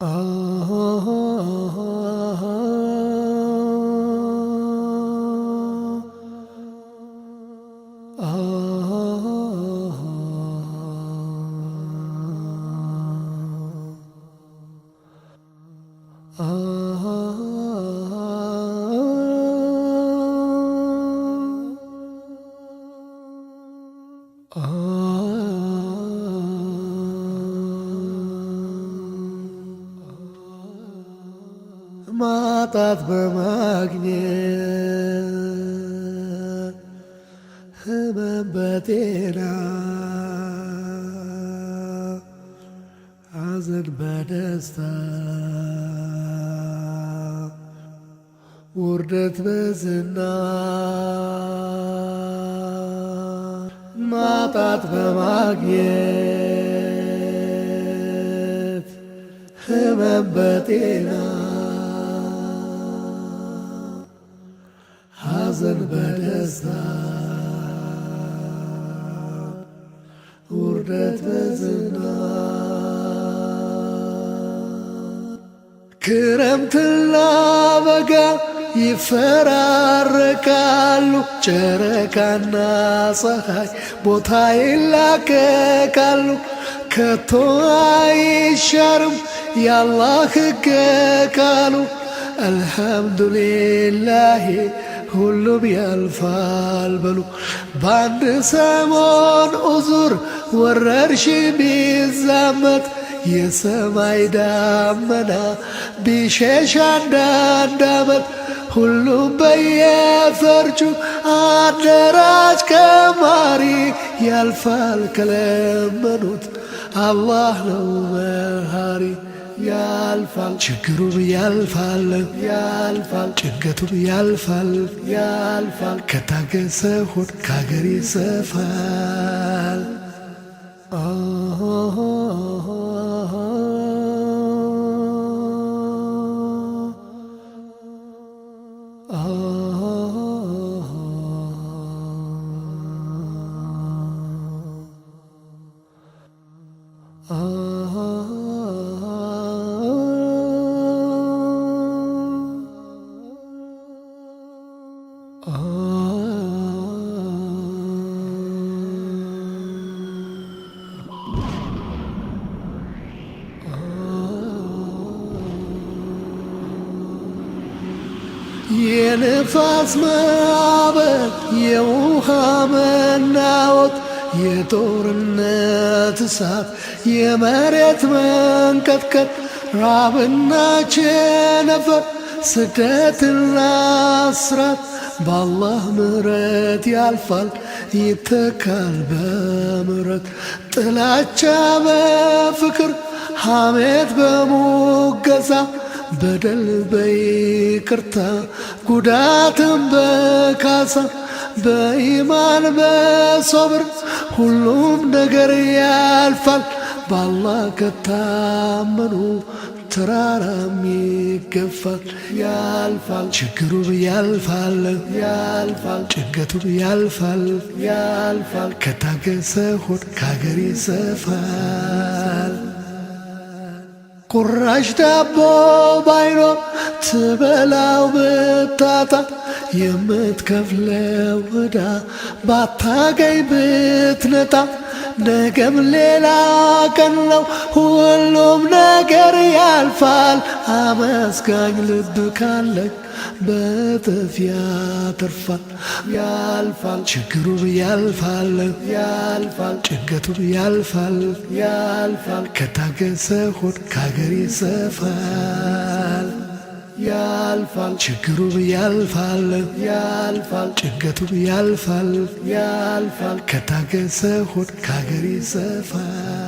Oh. ማጣት በማግኘት ህመም በጤና ሐዘን በደስታ ውርደት በዝና ማጣት በማግኘት ህመም በጤና በዝታ ውርደት በዝና ክረምትና በጋ ይፈራረቃሉ። ጨረቃና ፀሐይ ቦታ ይላቀቃሉ። ከቶ አይሻርም ያላህ ሕግ ቃሉ አልሐምዱሊላሂ ሁሉም ያልፋል በሉ በአንድ ሰሞን ኡዙር ወረርሽ ቢዛመት የሰማይ ዳመና ቢሸሽ አንዳንድ ዓመት ሁሉም አደራጅ ከማሪ ያልፋል ከለመኑት አላህ ነው መሃሪ። ያልፋል፣ ችግሩ ያልፋል፣ ያልፋል፣ ጭንቀቱም ያልፋል፣ ያልፋል። ከታገሰ ሆድ ከሀገር ይሰፋል። የነፋስ ማዕበል፣ የውሃ መናወጥ፣ የጦርነት እሳት፣ የመሬት መንቀጥቀጥ፣ ራብና ቸነፈር፣ ስደትና እስራት በአላህ ምሕረት ያልፋል ይተካል በምሕረት ጥላቻ በፍቅር ሐሜት በሙገዛ በደል በይቅርታ ጉዳትን በካሳ በኢማን በሶብር ሁሉም ነገር ያልፋል። በአላህ ከታመኑ ተራራም ይገፋል ያልፋል። ችግሩ ያልፋል ያልፋል። ጭንቀቱም ያልፋል ያልፋል። ከታገሰ ሆድ ከሀገር ይሰፋል። ቁራሽ ዳቦ ባይኖር ትበላው ብታጣ የምትከፍለው ዕዳ ባታገኝ ብትነጣ ነገም ሌላ ቀን ነው፣ ሁሉም ነገር ያልፋል። አመስጋኝ ልብ ካለክ በጥፍ ያተርፋል ያልፋል ችግሩም ያልፋል ያልፋል ጭንቀቱም ያልፋል ያልፋል ከታገሰ ሆድ ከሀገር ይሰፋል ያልፋል ችግሩም ያልፋል ያልፋል ጭንቀቱም ያልፋል ያልፋል ከታገሰ ሆድ ከሀገር ይሰፋል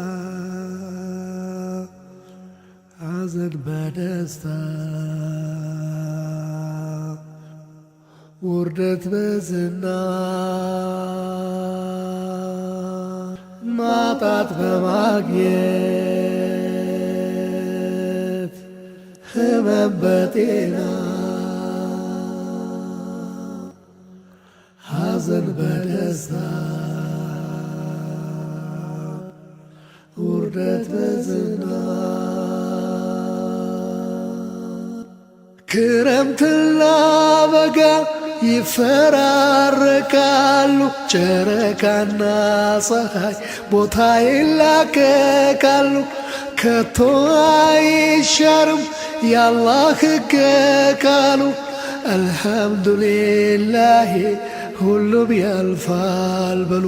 በሐዘን በደስታ ውርደት በዝና ማጣት በማግኘት ህመም በጤና ሐዘን በደስታ ውርደት በዝና ክረምትና በጋ ይፈራረቃሉ። ጨረቃና ፀሐይ ቦታ ይላቀቃሉ። ከቶ አይሻርም ያላህ ሕግ ቃሉ። አልሐምዱሊላሂ ሁሉም ያልፋል በሉ።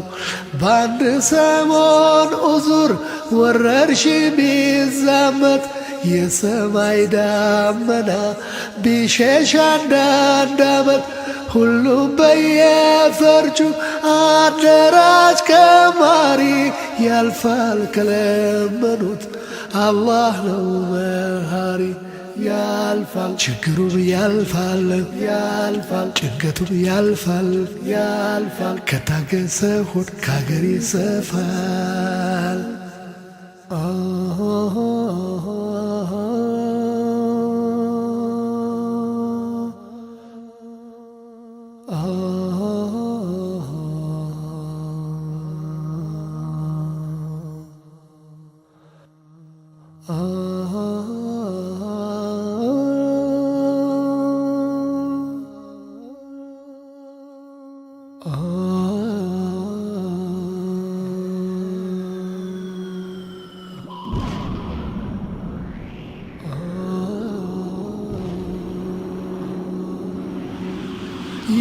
በአንድ ሰሞን ኡዙር ወረርሽ ቢዛመት የሰማይ ዳመና ቢሸሽ አንዳንድ ዓመት ሁሉም በየፈርጁ አደራጅ ከማሪ ያልፋል ከለመኑት አላህ ነው መሃሪ። ያልፋል ችግሩም ያልፋል ያልፋል ጭንቀቱም ያልፋል ያልፋል ከታገሰ ሆድ ከሀገር ይሰፋል።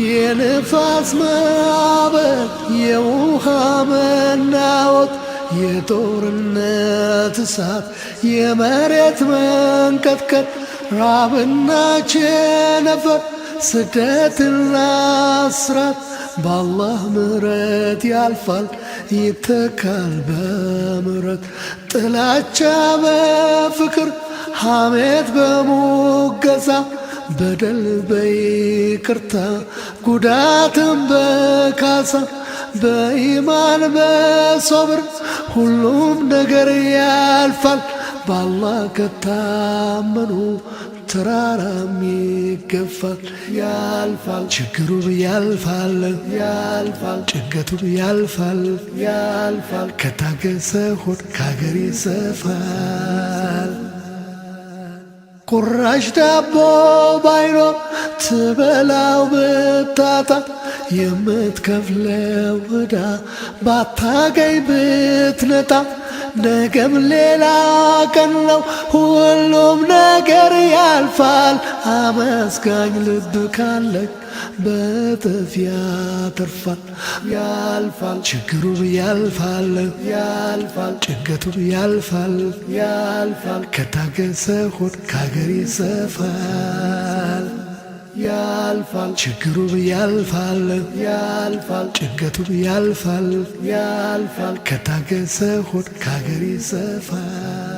የነፋስ ማዕበል የውሃ መናወጥ የጦርነት እሳት የመሬት መንቀጥቀጥ ራብና ቸነፈር ስደትና ስራት በአላህ ምሕረት ያልፋል ይተካል በምሕረት ጥላቻ በፍቅር ሐሜት በሙገዛ በደል በይቅርታ ጉዳትን በካሳ በኢማን በሶብር ሁሉም ነገር ያልፋል። በአላህ ከታመኑ ተራራም ይገፋል ያልፋል። ችግሩ ያልፋል ያልፋል። ጭንቀቱም ያልፋል ያልፋል። ከታገሰ ሆድ ከሀገር ይሰፋል። ቁራሽ ዳቦ ባይኖር ትበላው ብታጣ የምትከፍለው ዕዳ ባታገኝ ብትነጣ ነገም ሌላ ቀን ነው፣ ሁሉም ነገር ያልፋል። አመስጋኝ ልብ ካለች በጥፍ ያተርፋል ያልፋል ችግሩ ያልፋል ያልፋል ጭንቀቱም ያልፋል ያልፋል ከታገሰ ሆድ ከሀገር ይሰፋል ያልፋል ችግሩ ያልፋል ያልፋል ጭንቀቱም ያልፋል ያልፋል ከታገሰ ሆድ ከሀገር ይሰፋል